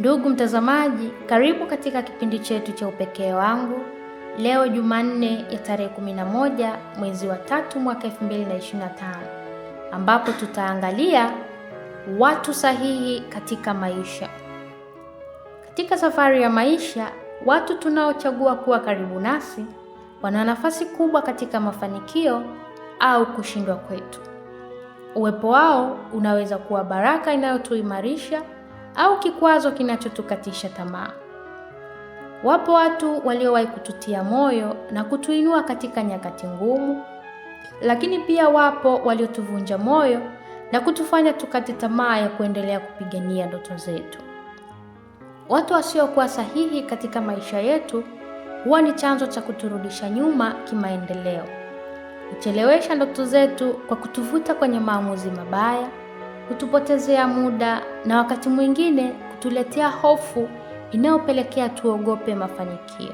Ndugu mtazamaji, karibu katika kipindi chetu cha Upekee wangu leo Jumanne ya tarehe 11 mwezi wa tatu mwaka 2025 ambapo tutaangalia watu sahihi katika maisha. Katika safari ya maisha, watu tunaochagua kuwa karibu nasi wana nafasi kubwa katika mafanikio au kushindwa kwetu. Uwepo wao unaweza kuwa baraka inayotuimarisha au kikwazo kinachotukatisha tamaa. Wapo watu waliowahi kututia moyo na kutuinua katika nyakati ngumu, lakini pia wapo waliotuvunja moyo na kutufanya tukate tamaa ya kuendelea kupigania ndoto zetu. Watu wasiokuwa sahihi katika maisha yetu huwa ni chanzo cha kuturudisha nyuma kimaendeleo, huchelewesha ndoto zetu kwa kutuvuta kwenye maamuzi mabaya hutupotezea muda na wakati mwingine kutuletea hofu inayopelekea tuogope mafanikio.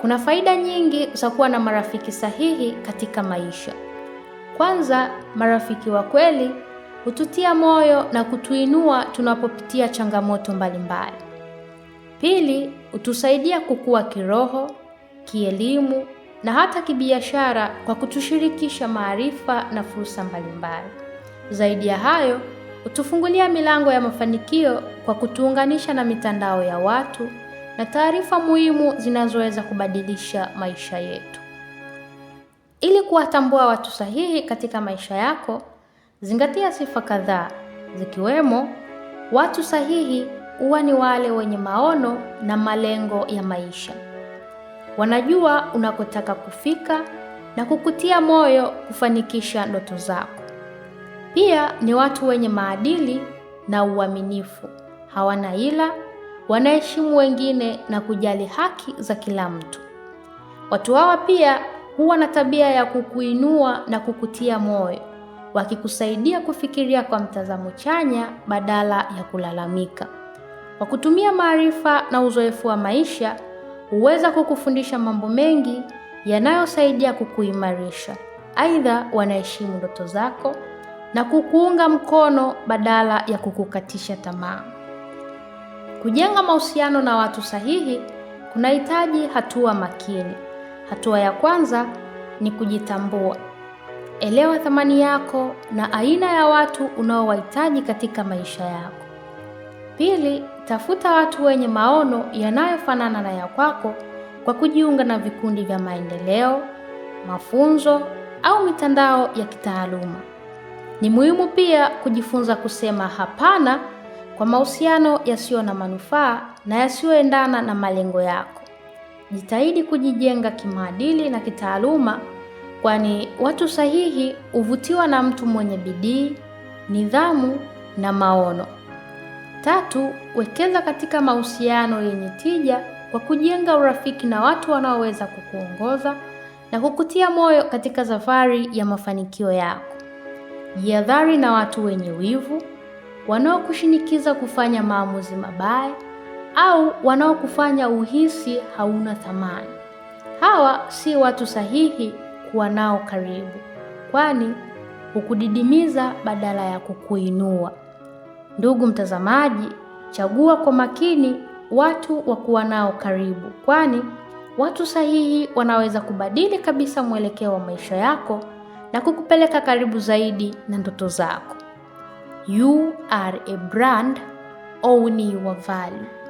Kuna faida nyingi za kuwa na marafiki sahihi katika maisha. Kwanza, marafiki wa kweli hututia moyo na kutuinua tunapopitia changamoto mbalimbali. Pili, hutusaidia kukua kiroho, kielimu na hata kibiashara kwa kutushirikisha maarifa na fursa mbalimbali. Zaidi ya hayo, hutufungulia milango ya mafanikio kwa kutuunganisha na mitandao ya watu na taarifa muhimu zinazoweza kubadilisha maisha yetu. Ili kuwatambua watu sahihi katika maisha yako, zingatia sifa kadhaa zikiwemo: watu sahihi huwa ni wale wenye maono na malengo ya maisha, wanajua unakotaka kufika na kukutia moyo kufanikisha ndoto zako. Pia ni watu wenye maadili na uaminifu, hawana ila, wanaheshimu wengine na kujali haki za kila mtu. Watu hawa pia huwa na tabia ya kukuinua na kukutia moyo, wakikusaidia kufikiria kwa mtazamo chanya badala ya kulalamika. Kwa kutumia maarifa na uzoefu wa maisha, huweza kukufundisha mambo mengi yanayosaidia kukuimarisha. Aidha, wanaheshimu ndoto zako na kukuunga mkono badala ya kukukatisha tamaa. Kujenga mahusiano na watu sahihi kunahitaji hatua makini. Hatua ya kwanza ni kujitambua. Elewa thamani yako na aina ya watu unaowahitaji katika maisha yako. Pili, tafuta watu wenye maono yanayofanana na ya kwako kwa kujiunga na vikundi vya maendeleo, mafunzo au mitandao ya kitaaluma. Ni muhimu pia kujifunza kusema hapana kwa mahusiano yasiyo na manufaa na yasiyoendana na malengo yako. Jitahidi kujijenga kimaadili na kitaaluma, kwani watu sahihi huvutiwa na mtu mwenye bidii, nidhamu na maono. Tatu, wekeza katika mahusiano yenye tija kwa kujenga urafiki na watu wanaoweza kukuongoza na kukutia moyo katika safari ya mafanikio yako. Jihadhari na watu wenye wivu wanaokushinikiza kufanya maamuzi mabaya au wanaokufanya uhisi hauna thamani. Hawa si watu sahihi kuwa nao karibu, kwani hukudidimiza badala ya kukuinua. Ndugu mtazamaji, chagua kwa makini watu wa kuwa nao karibu, kwani watu sahihi wanaweza kubadili kabisa mwelekeo wa maisha yako na kukupeleka karibu zaidi na ndoto zako. You are a brand, own your value.